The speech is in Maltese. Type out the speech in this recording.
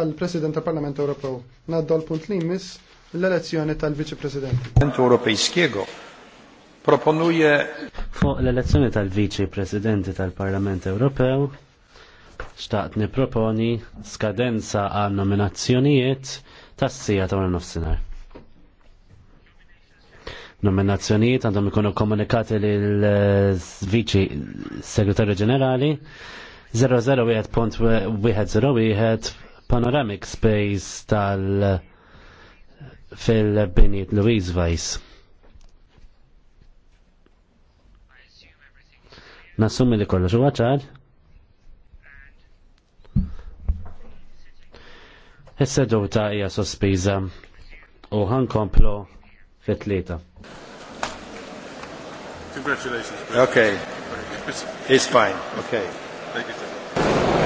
għal President tal-Parlament Ewropew. Naddu l punt li jmiss l-elezzjoni tal-Viċi President. Parlament Ewropejskiego proponuje fuq l-elezzjoni tal-Viċi Presidenti tal-Parlament Ewropew xtaqt niproponi skadenza għal nominazzjonijiet tas-sija ta' nofsinhar nominazzjonijiet għandhom ikunu komunikati lill-Viċi Segretarju Ġenerali 001.101 panoramic space tal fil-biniet Louise Weiss. Nassumi li kollox huwa ċar. Is-seduta hija sospiża u ħankomplu fit-tlieta. Congratulations. Okay. It's fine. Okay. Thank you.